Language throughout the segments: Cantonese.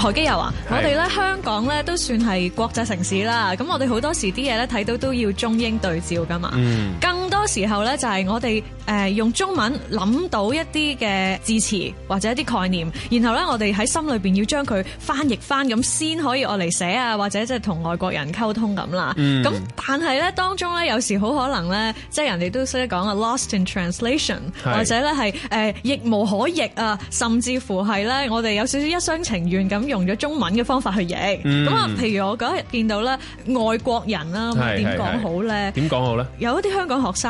何基佑啊，的我哋咧香港咧都算係國際城市啦，咁我哋好多時啲嘢，咧睇到都要中英對照噶嘛，嗯，更多多時候咧，就係我哋誒用中文諗到一啲嘅字詞或者一啲概念，然後咧我哋喺心裏邊要將佢翻譯返，咁先可以我嚟寫啊，或者即係同外國人溝通咁啦。咁、嗯、但係咧當中咧有時好可能咧，即係人哋都識得講啊，lost in translation，< 是 S 1> 或者咧係誒亦無可譯啊，甚至乎係咧我哋有少少一廂情願咁用咗中文嘅方法去譯。咁啊，譬如我今日見到咧外國人啦，點講好咧？點講好咧？有一啲香港學生。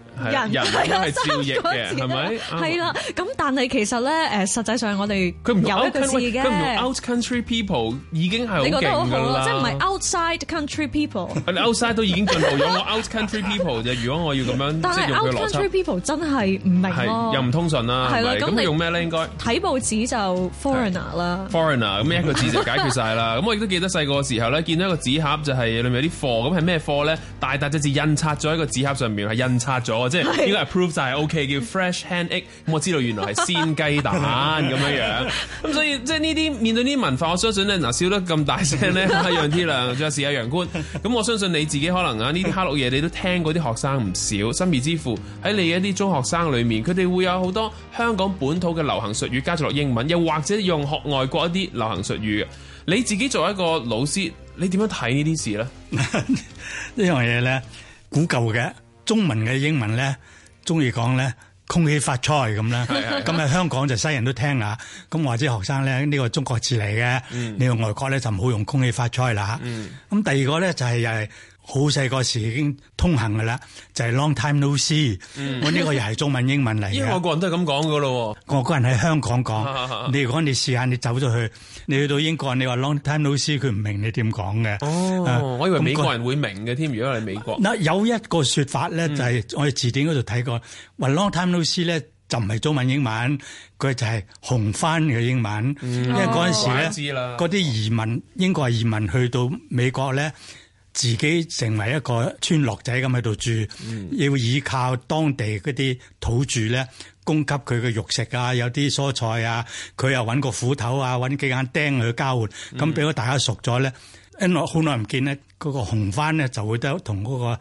人人係照譯嘅，係咪？係啦，咁但係其實咧，誒，實際上我哋佢唔有一個字嘅，係。Out country people 已經係好勁㗎啦，即係唔係 outside country people？你 outside 都已經進步咗，out country people 就如果我要咁樣，但係 out country people 真係唔明又唔通順啦。係咯，咁用咩咧？應該睇報紙就 foreigner 啦。foreigner 咁一個字就解決晒啦。咁我亦都記得細個時候咧，見到一個紙盒就係裡面有啲貨，咁係咩貨咧？大大隻字印刷咗喺個紙盒上面，係印刷咗。即係呢個係 prove 就係 OK 叫 fresh hand egg，咁、嗯、我知道原來係鮮雞蛋咁樣樣。咁、嗯、所以即係呢啲面對呢啲文化，我相信咧嗱，笑得咁大聲咧，阿、啊、楊鐵樑，再試下楊官。咁、嗯、我相信你自己可能啊，呢啲哈六嘢你都聽過啲學生唔少。甚至乎喺你一啲中學生裏面，佢哋會有好多香港本土嘅流行術語加咗落英文，又或者用學外國一啲流行術語嘅。你自己作為一個老師，你點樣睇呢啲事咧？ 呢樣嘢咧，估夠嘅。中文嘅英文咧，中意講咧，空氣發菜咁啦，咁啊 香港就西人都聽下，咁或者學生咧呢、呢個中國字嚟嘅，嗯、你去外國咧就唔好用空氣發菜啦嚇，咁、嗯、第二個咧就係、又係、誒。好細個時已經通行噶啦，就係、是、long time no see，嗯、我呢個又係中文英文嚟嘅。英國人都係咁講噶咯。英國人喺香港講， 你如果你試下你走咗去，你去到英國，你話 long time no see, s e 佢唔明你點講嘅？哦，啊、我以為美國人會明嘅添，如果係美國。嗱，有一個說法咧，就係、是、我喺字典嗰度睇過，話、嗯、long time no see 咧就唔係中文英文，佢就係紅番嘅英文，嗯、因為嗰陣時咧，嗰啲移民英國係移民去到美國咧。自己成為一個村落仔咁喺度住，嗯、要依靠當地嗰啲土著咧，供給佢嘅肉食啊，有啲蔬菜啊，佢又揾個斧頭啊，揾幾眼釘去交換，咁俾個大家熟咗咧，因為好耐唔見咧，嗰、嗰個紅番咧就會得同嗰個。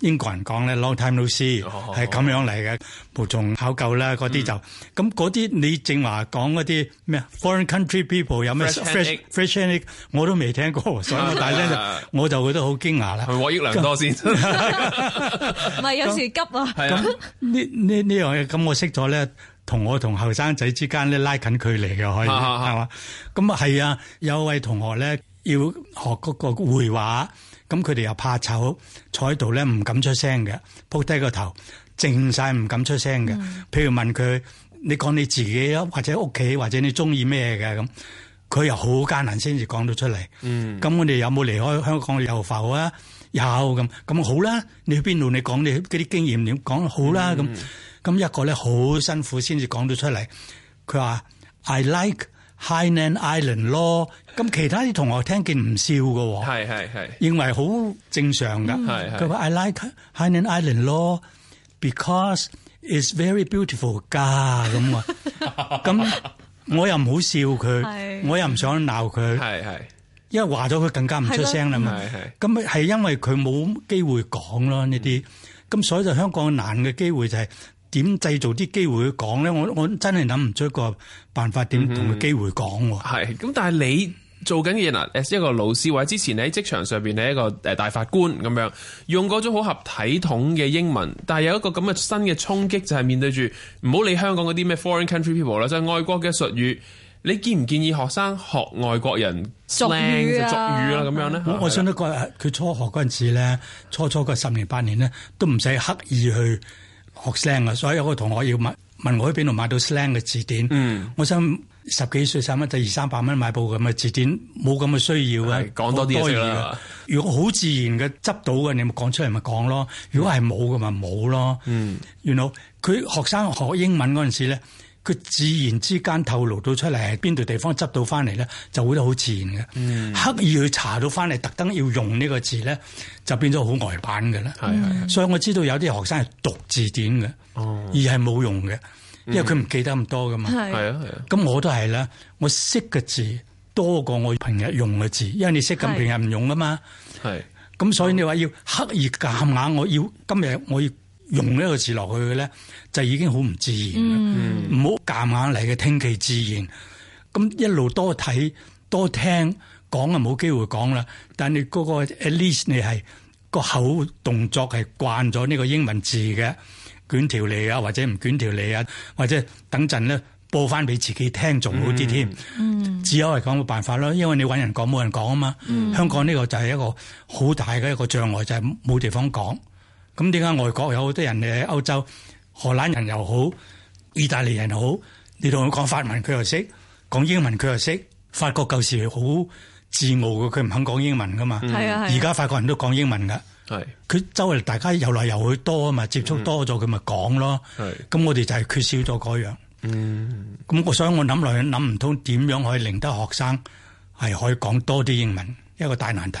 英國人講咧，long time 老師係咁樣嚟嘅，無從考究啦。嗰啲就咁嗰啲，你正話講嗰啲咩 f o r e i g n country people 有咩 fresh ethnic 我都未聽過，所以我大聲就我就覺得好驚訝啦。係獲益良多先，唔係有時急啊。咁呢呢呢樣嘢，咁我識咗咧，同我同後生仔之間咧拉近距離嘅可以係嘛？咁啊係啊，有位同學咧要學嗰個繪畫。咁佢哋又怕醜，坐喺度咧唔敢出聲嘅，撲低個頭，靜晒唔敢出聲嘅。嗯、譬如問佢，你講你自己咯，或者屋企，或者你中意咩嘅咁，佢又好艱難先至講到出嚟。咁我哋有冇離開香港遊埠啊？有咁咁好啦，你去邊度你講你嗰啲經驗點講好啦咁。咁、嗯、一個咧好辛苦先至講到出嚟，佢話 I like。Hainan Island 咯，咁其他啲同學聽見唔笑㗎喎，認為好正常㗎。佢話：I like Hainan Island 咯，because it's very beautiful。㗎咁啊，咁我又唔好笑佢，我又唔想鬧佢，因為話咗佢更加唔出聲啦嘛。咁係因為佢冇機會講咯呢啲，咁所以就香港難嘅機會就係。點製造啲機,機會去講咧、啊？我我真係諗唔出個辦法點同佢機會講喎。係、hmm. 咁，但係你做緊嘢嗱，一個老師或者之前你喺職場上邊，你一個誒大法官咁樣，用嗰種好合體統嘅英文，但係有一個咁嘅新嘅衝擊，就係、是、面對住唔好理香港嗰啲咩 foreign country people 啦，即、就、係、是、外國嘅術語。你建唔建議學生學外國人 slang, 俗語、啊、就俗語啦咁樣咧。我想得佢誒，佢初學嗰陣時咧，初初嗰十年八年咧，都唔使刻意去。學 slang 嘅！所以有個同學要問問我喺邊度買到 slang 嘅字典？嗯、我想十幾歲使乜第二三百蚊買部咁嘅字典，冇咁嘅需要啊！講多啲啦。如果好自然嘅執到嘅，你咪講出嚟咪講咯。如果係冇嘅咪冇咯。嗯，原來佢學生學英文嗰陣時咧，佢自然之間透露到出嚟喺邊度地方執到翻嚟咧，就會得好自然嘅。嗯、刻意去查到翻嚟，特登要用呢個字咧，就變咗好呆板嘅啦。係、嗯、所以我知道有啲學生係讀字典嘅，哦、而係冇用嘅，因為佢唔記得咁多噶嘛。係啊係啊。咁、啊、我都係啦，我識嘅字多過我平日用嘅字，因為你識咁、啊、平日唔用啊嘛。係、啊。咁、啊嗯、所以你話要刻意夾硬，硬我我，我要今日我要。用呢個字落去嘅咧，就已經好唔自,、嗯、自然。唔好夾硬嚟嘅，聽其自然。咁一路多睇多聽，講啊冇機會講啦。但係嗰、那個 at least，你係、那個口動作係慣咗呢個英文字嘅，捲條脷啊，或者唔捲條脷啊，或者等陣咧播翻俾自己聽，仲好啲添。嗯嗯、只有係咁冇辦法咯，因為你搵人講冇人講啊嘛。嗯、香港呢個就係一個好大嘅一個障礙，就係、是、冇地方講。咁點解外國有好多人喺歐洲、荷蘭人又好、意大利人好？你同佢講法文佢又識，講英文佢又識。法國舊時好自傲嘅，佢唔肯講英文噶嘛。係啊，而家法國人都講英文噶。係、嗯。佢周圍大家遊來遊去多啊嘛，接觸多咗佢咪講咯。係、嗯。咁我哋就係缺少咗嗰樣。嗯。咁我所以我諗落去，諗唔通點樣可以令得學生係可以講多啲英文，一個大難題。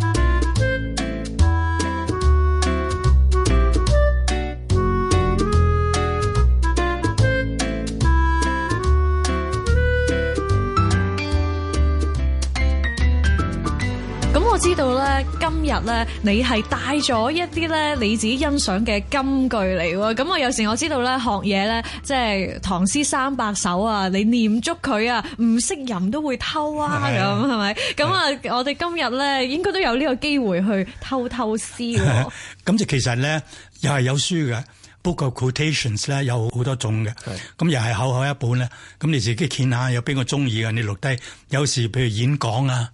咁、嗯、我知道咧，今日咧你係帶咗一啲咧你自己欣賞嘅金句嚟喎。咁、嗯、我有時我知道咧學嘢咧，即係唐詩三百首啊、嗯，你念足佢啊，唔識吟都會偷啊，咁係咪？咁啊、嗯，我哋今日咧應該都有呢個機會去偷偷詩、哦嗯。咁 就其實咧又係有書嘅，book of quotations 咧有好多種嘅。咁又係厚厚一本咧。咁你自己見下有邊個中意嘅，你錄低。有時譬如演講啊。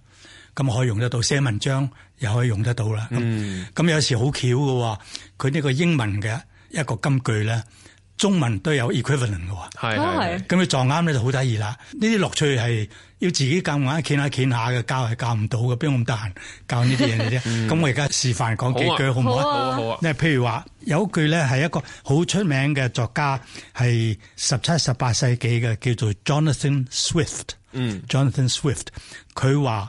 咁可以用得到，寫文章又可以用得到啦。咁咁、嗯、有時好巧嘅喎，佢呢個英文嘅一個金句咧，中文都有 equivalent 嘅喎。係咁你撞啱咧就好得意啦。呢啲樂趣係要自己夾硬諗下諗下嘅，教係教唔到嘅，邊有咁得閒教呢啲嘢啫？咁、嗯、我而家示範講幾句好唔好？好啊好啊。即係譬、啊、如話有一句咧係一個好出名嘅作家，係十七十八世紀嘅，叫做 Jonathan Swift。嗯。Jonathan Swift，佢話。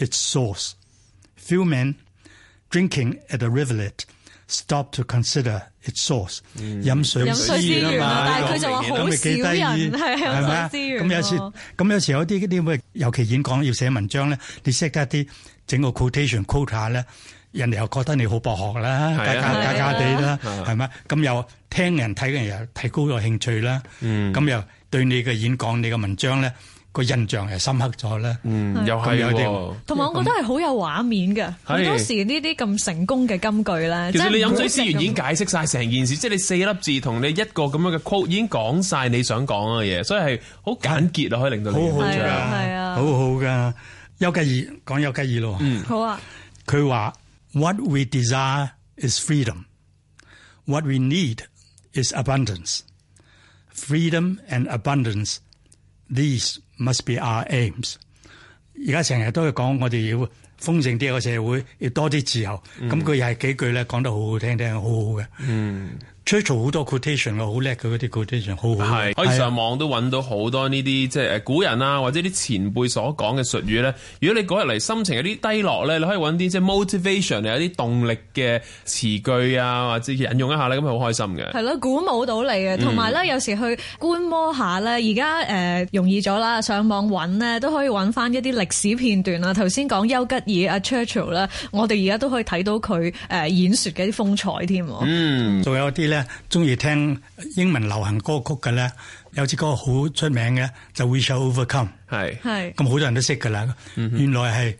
Its source. Few men drinking at the rivulet stop to consider its source。飲水思源啊，但係佢就話好少人，係咪咁？有時，咁有時有啲啲尤其演講要寫文章咧，你識得啲整個 quotation quote 下咧，人哋又覺得你好博學啦，假假加加啲啦，係咪？咁又聽人睇嘅人又提高咗興趣啦。咁又對你嘅演講、你嘅文章咧。個印象係深刻咗咧。嗯，又係喎。同埋，我覺得係好有畫面嘅。當時呢啲咁成功嘅金句咧，即係你飲水思源，已經解釋晒成件事。即係你四粒字同你一個咁樣嘅 quote，已經講晒你想講嘅嘢，所以係好簡潔啊，可以令到你好好嘅，係啊，好好嘅。邱吉爾，講邱吉爾咯，嗯，好啊。佢話 What we desire is freedom. What we need is abundance. Freedom and abundance. These Must be our aims。而家成日都去講，我哋要豐盛啲個社會，要多啲自由。咁佢、嗯、又係幾句咧，講得好好聽，聽好好嘅。嗯。Charles 好多 quotation 咯，好叻嘅嗰啲 quotation，好好嘅。係，可以上網都揾到好多呢啲即係誒古人啊，或者啲前輩所講嘅術語咧。如果你嗰日嚟心情有啲低落咧，你可以揾啲即係 motivation 啊，有啲動力嘅詞句啊，或者引用一下咧，咁係好開心嘅。係咯，鼓舞到你嘅。同埋咧，有時去觀摩下咧，而家誒容易咗啦，上網揾咧都可以揾翻一啲歷史片段啊。頭先講丘吉爾阿 Charles 咧，我哋而家都可以睇到佢誒演説嘅啲風采添。嗯，仲有啲。咧中意聽英文流行歌曲嘅咧，有支歌好出名嘅，就《We Shall Overcome 是》。係，咁好多人都識噶啦。嗯、哼原來係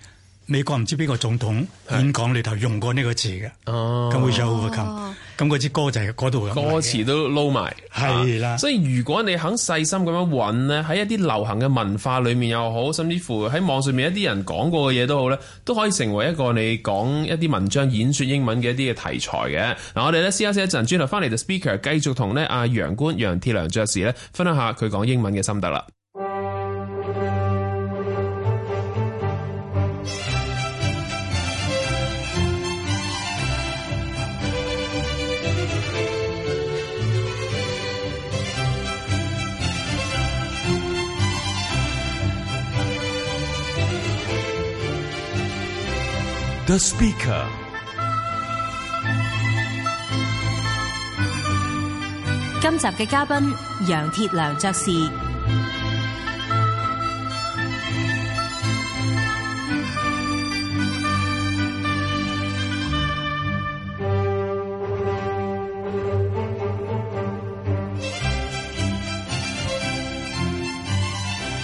美國唔知邊個總統演講裏頭用過呢個詞嘅。是哦，咁《We Shall Overcome》。咁嗰支歌就係嗰度歌詞都撈埋，係啦的、啊。所以如果你肯細心咁樣揾咧，喺一啲流行嘅文化裏面又好，甚至乎喺網上面一啲人講過嘅嘢都好咧，都可以成為一個你講一啲文章演説英文嘅一啲嘅題材嘅。嗱、嗯啊，我哋咧休息一陣，轉頭翻嚟就 Speaker 繼續同咧阿楊官、楊鐵樑爵士咧分享下佢講英文嘅心得啦。The speaker. 今集嘅嘉賓楊鐵樑爵士。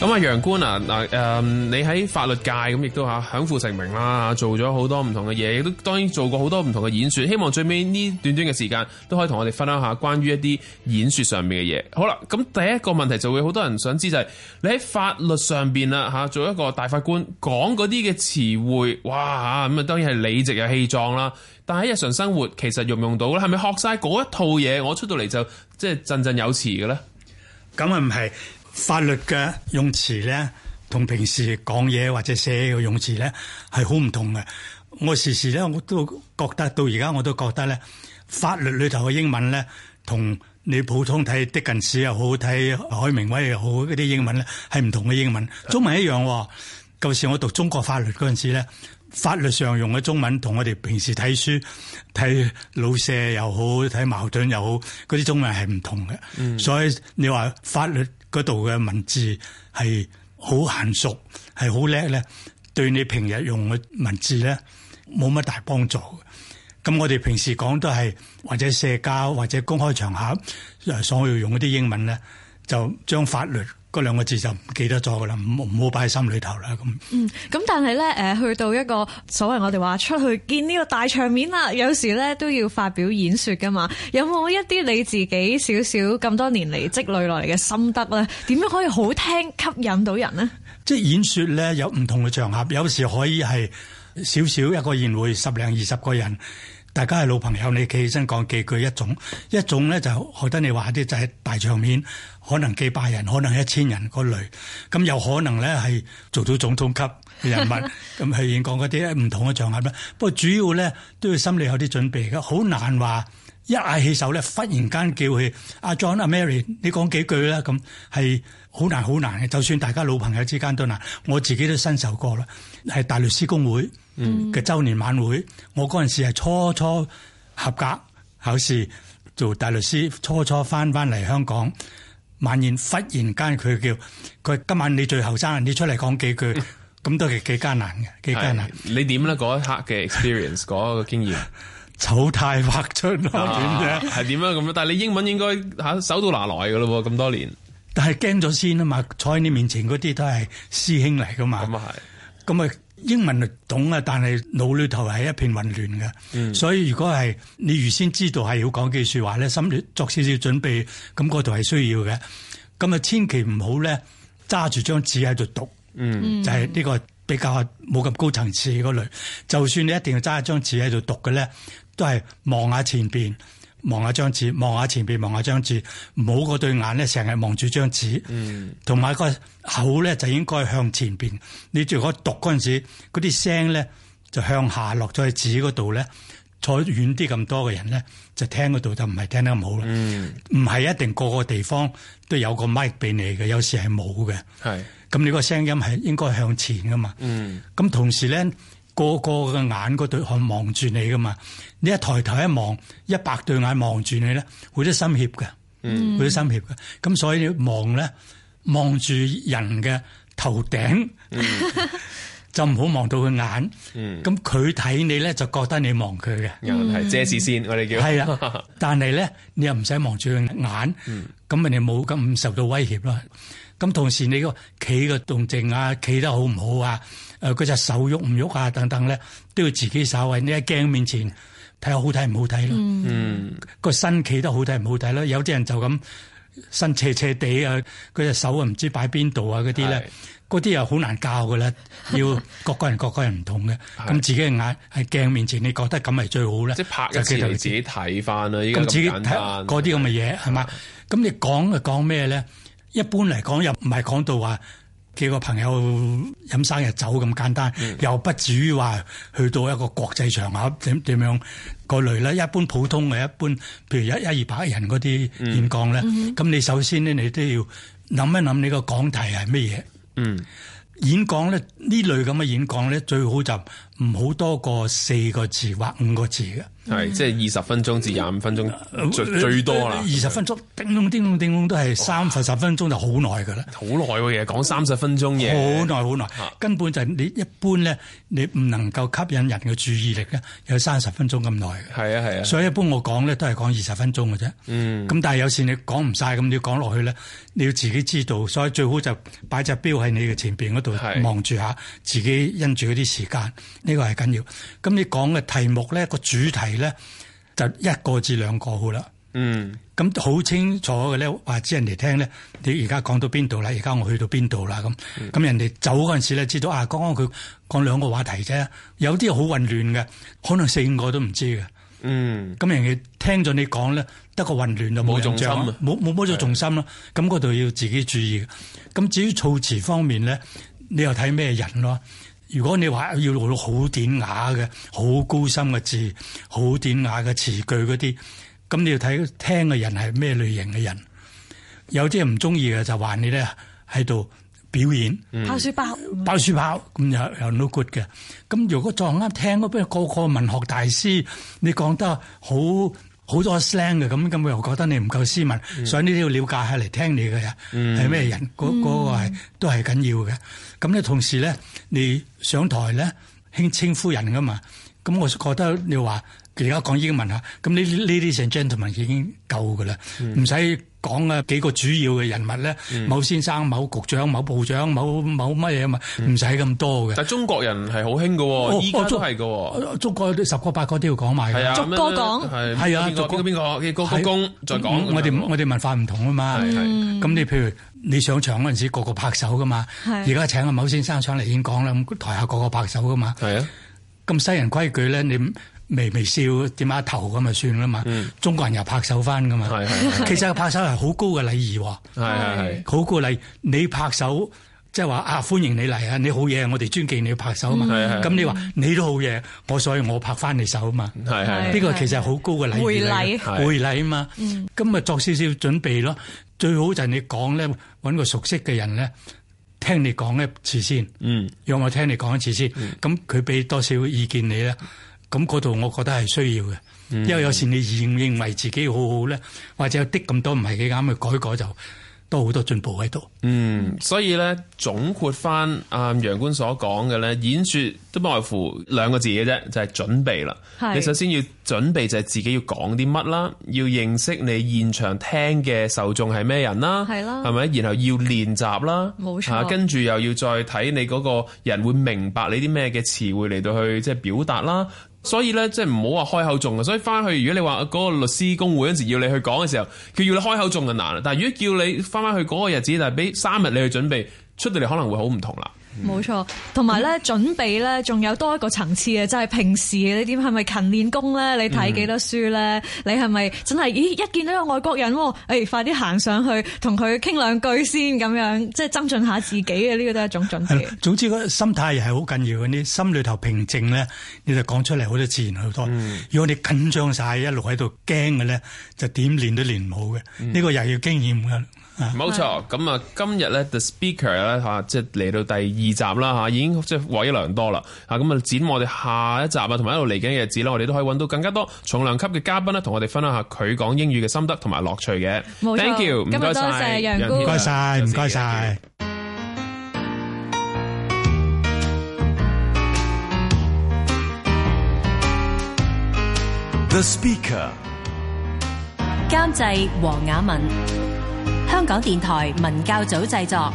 咁啊，楊官啊，嗱，誒，你喺法律界咁亦都吓享負盛名啦，做咗好多唔同嘅嘢，亦都當然做過好多唔同嘅演說。希望最尾呢短短嘅時間，都可以同我哋分享下關於一啲演說上面嘅嘢。好啦，咁第一個問題就會好多人想知就係、是、你喺法律上邊啊吓，做一個大法官講嗰啲嘅詞彙，哇，咁啊當然係理直嘅氣壯啦。但喺日常生活，其實用唔用到咧？係咪學晒嗰一套嘢，我出到嚟就即係振振有詞嘅咧？咁啊唔係。法律嘅用詞咧，同平時講嘢或者寫嘅用詞咧，係好唔同嘅。我時時咧，我都覺得到而家我都覺得咧，法律裏頭嘅英文咧，同你普通睇狄更斯又好，睇海明威又好嗰啲英文咧，係唔同嘅英文。中文一樣。舊、哦、時我讀中國法律嗰陣時咧，法律上用嘅中文，同我哋平時睇書睇老舍又好，睇茅盾又好，嗰啲中文係唔同嘅。嗯、所以你話法律嗰度嘅文字係好嫻熟，係好叻咧，對你平日用嘅文字咧冇乜大幫助。咁我哋平時講都係或者社交或者公開場合所要用嗰啲英文咧，就將法律。嗰兩個字就唔記得咗噶啦，唔好擺喺心裡頭啦。咁嗯，咁但係咧，誒去到一個所謂我哋話出去見呢個大場面啦，有時咧都要發表演說噶嘛。有冇一啲你自己少少咁多年嚟積累落嚟嘅心得咧？點 樣可以好聽吸引到人呢？即係演說咧，有唔同嘅場合，有時可以係少少一個宴會，十零二十個人。大家係老朋友，你企起身講幾句一種，一種咧就學得你話啲就係大場面，可能幾百人，可能係一千人嗰類，咁有可能咧係做到總統級嘅人物，咁係已經講嗰啲唔同嘅場合啦。不過主要咧都要心理有啲準備㗎，好難話。一嗌起手咧，忽然間叫佢阿 John 阿 Mary，你講幾句啦咁，係好難好難嘅。就算大家老朋友之間都難，我自己都身受過啦。係大律師公會嘅周年晚會，我嗰陣時係初初合格考試做大律師，初初翻翻嚟香港晚宴，忽然間佢叫佢今晚你最後生，你出嚟講幾句，咁都係幾艱難嘅，幾艱難。你點咧嗰一刻嘅 experience 嗰個經驗？醜態百出咯，係點啊？咁樣、啊，但係你英文應該吓、啊、手到拿來噶咯，咁多年。但係驚咗先啊嘛！坐喺你面前嗰啲都係師兄嚟噶嘛。咁係、嗯。咁啊，英文係懂啊，但係腦裏頭係一片混亂嘅。嗯、所以如果係你預先知道係要講幾句話咧，心裏作少少準備，咁嗰度係需要嘅。咁啊，千祈唔好咧，揸住張紙喺度讀。嗯。就係呢個比較冇咁高層次嗰類。就算你一定要揸一張紙喺度讀嘅咧。都係望下前邊，望下張紙，望下前邊，望下張紙。冇嗰對眼咧，成日望住張紙。同埋個口咧就應該向前邊。你如果讀嗰陣時，嗰啲聲咧就向下落咗去紙嗰度咧。坐遠啲咁多嘅人咧，就聽嗰度就唔係聽得咁好啦。嗯、唔係一定個個地方都有個麥俾你嘅，有時係冇嘅。咁是你個聲音係應該向前噶嘛。咁、嗯、同時咧。個個嘅眼，嗰對眼望住你噶嘛？你一抬頭一望，一百對眼望住你咧，會啲心怯噶，嗯、會啲心怯噶。咁所以你望咧，望住人嘅頭頂，嗯、 就唔好望到佢眼。咁佢睇你咧，就覺得你望佢嘅。係遮視線，我哋叫。係啦，但係咧，你又唔使望住佢眼，咁人哋冇咁受到威脅咯。咁同時你個企嘅動靜啊，企得好唔好啊？誒，嗰隻、呃、手喐唔喐啊？等等咧，都要自己手喺呢個鏡面前睇下好睇唔、嗯、好睇咯。個身企得好睇唔好睇咧？有啲人就咁身斜斜地啊，嗰隻手啊唔知擺邊度啊嗰啲咧，嗰啲是又好難教噶啦。要各個人 各個人唔同嘅，咁是自己眼喺鏡面前，你覺得咁係最好咧？即拍一次就自己睇翻啊！咁自己睇嗰啲咁嘅嘢係嘛？咁你講係講咩咧？一般嚟講又唔係講到話。幾個朋友飲生日酒咁簡單，嗯、又不至於話去到一個國際場合點點樣嗰類咧。一般普通嘅一般，譬如一一二百人嗰啲演講咧，咁、嗯、你首先咧，你都要諗一諗你個講題係乜嘢。嗯，演講咧，呢這類咁嘅演講咧，最好就唔好多過四個字或五個字嘅。係，即係二十分鐘至廿五分鐘最最多啦。二十分鐘，的叮咚叮咚叮咚，都係三、十、十分鐘就好耐噶啦。好耐喎，嘢實講三十分鐘嘢，好耐好耐，啊、根本就你一般咧，你唔能夠吸引人嘅注意力咧，有三十分鐘咁耐嘅。係啊係啊，啊所以一般我講咧都係講二十分鐘嘅啫。嗯。咁但係有時你，你講唔晒，咁你講落去咧，你要自己知道，所以最好就擺隻表喺你嘅前面嗰度望住下，的自己因住嗰啲時間，呢個係緊要。咁你講嘅題目咧個主題。咧就一個至兩個好啦，嗯，咁好清楚嘅咧，話知人哋聽咧，你而家講到邊度啦？而家我去到邊度啦？咁咁、嗯、人哋走嗰陣時咧，知道啊？剛剛佢講兩個話題啫，有啲好混亂嘅，可能四五個都唔知嘅，嗯，咁人哋聽咗你講咧，得個混亂就冇重心，冇冇冇咗重心咯，咁嗰度要自己注意。咁至於措詞方面咧，你又睇咩人咯？如果你話要攞到好典雅嘅、好高深嘅字、好典雅嘅詞句嗰啲，咁你要睇聽嘅人係咩類型嘅人？有啲人唔中意嘅就話你咧喺度表演，爆書包，爆書包咁又又 no good 嘅。咁如果撞啱聽嗰邊個個文學大師，你講得好。好多聲嘅，咁咁佢又覺得你唔夠斯文，嗯、所以呢啲要了解下嚟聽你嘅人係咩人，嗰嗰、嗰個係都係緊要嘅。咁、嗯、咧，嗯、同時咧，你上台咧稱稱呼人噶嘛，咁、嗯、我覺得你話而家講英文嚇，咁呢呢啲 ladies and gentlemen 已經夠㗎啦，唔使、嗯。講嘅幾個主要嘅人物咧，某先生、某局長、某部長、某某乜嘢嘛，唔使咁多嘅。但係中國人係好興嘅，依家都係嘅。中國十個八個都要講埋。係啊，逐個講。係啊，逐邊個邊個呢個鞠躬再講。我哋我哋文化唔同啊嘛。咁你譬如你上場嗰陣時，個個拍手噶嘛。而家請阿某先生上嚟演講啦，咁台下個個拍手噶嘛。係啊。咁西人規矩咧，你微微笑，點下頭咁咪算啦嘛。中國人又拍手翻噶嘛。其實拍手係好高嘅禮儀。係係係，好高禮。你拍手即係話啊，歡迎你嚟啊，你好嘢，我哋尊敬你拍手啊嘛。咁你話你都好嘢，我所以我拍翻你手啊嘛。呢個其實係好高嘅禮儀。回禮，回禮啊嘛。咁咪作少少準備咯。最好就係你講咧，揾個熟悉嘅人咧，聽你講一次先。讓我聽你講一次先。咁佢俾多少意見你咧？咁嗰度，我覺得係需要嘅，嗯、因為有時你認唔認為自己好好咧？或者有啲咁多唔係幾啱嘅，改改就都好多進步喺度。嗯，所以咧總括翻阿、嗯、楊官所講嘅咧演説都不外乎兩個字嘅啫，就係、是、準備啦。是你首先要準備就係自己要講啲乜啦，要認識你現場聽嘅受眾係咩人啦，係咯的，係咪？然後要練習啦，冇錯，跟住、啊、又要再睇你嗰個人會明白你啲咩嘅詞彙嚟到去即係表達啦。所以咧，即係唔好話開口中啊！所以翻去，如果你話嗰個律師公會嗰陣時要你去講嘅時候，佢要你開口中就難啦。但係如果叫你翻翻去嗰個日子，但係俾三日你去準備，出到嚟可能會好唔同啦。冇錯，同埋咧準備咧，仲有多一個層次嘅，就係平時你點係咪勤練功咧？你睇幾多書咧？嗯、你係咪真係？咦，一見到有外國人，誒、哎，快啲行上去同佢傾兩句先咁樣，即係增進下自己嘅呢個都係一種準備。嗯、總之個心態係好緊要嘅呢，心裏頭平靜咧，你就講出嚟好多自然好多。嗯、如果你緊張晒，一路喺度驚嘅咧，就點練都練唔好嘅。呢個又要經驗嘅。嗯冇錯，咁啊是今日咧，The Speaker 咧吓，即係嚟到第二集啦，吓，已經即係獲益良多啦，吓，咁啊展望我哋下一集啊，同埋一路嚟緊嘅日子咧，我哋都可以揾到更加多重量級嘅嘉賓咧，同我哋分享下佢講英語嘅心得同埋樂趣嘅。錯 Thank you，唔該晒，楊官，唔該晒。謝謝 The Speaker，監製黃雅文。香港電台文教組製作。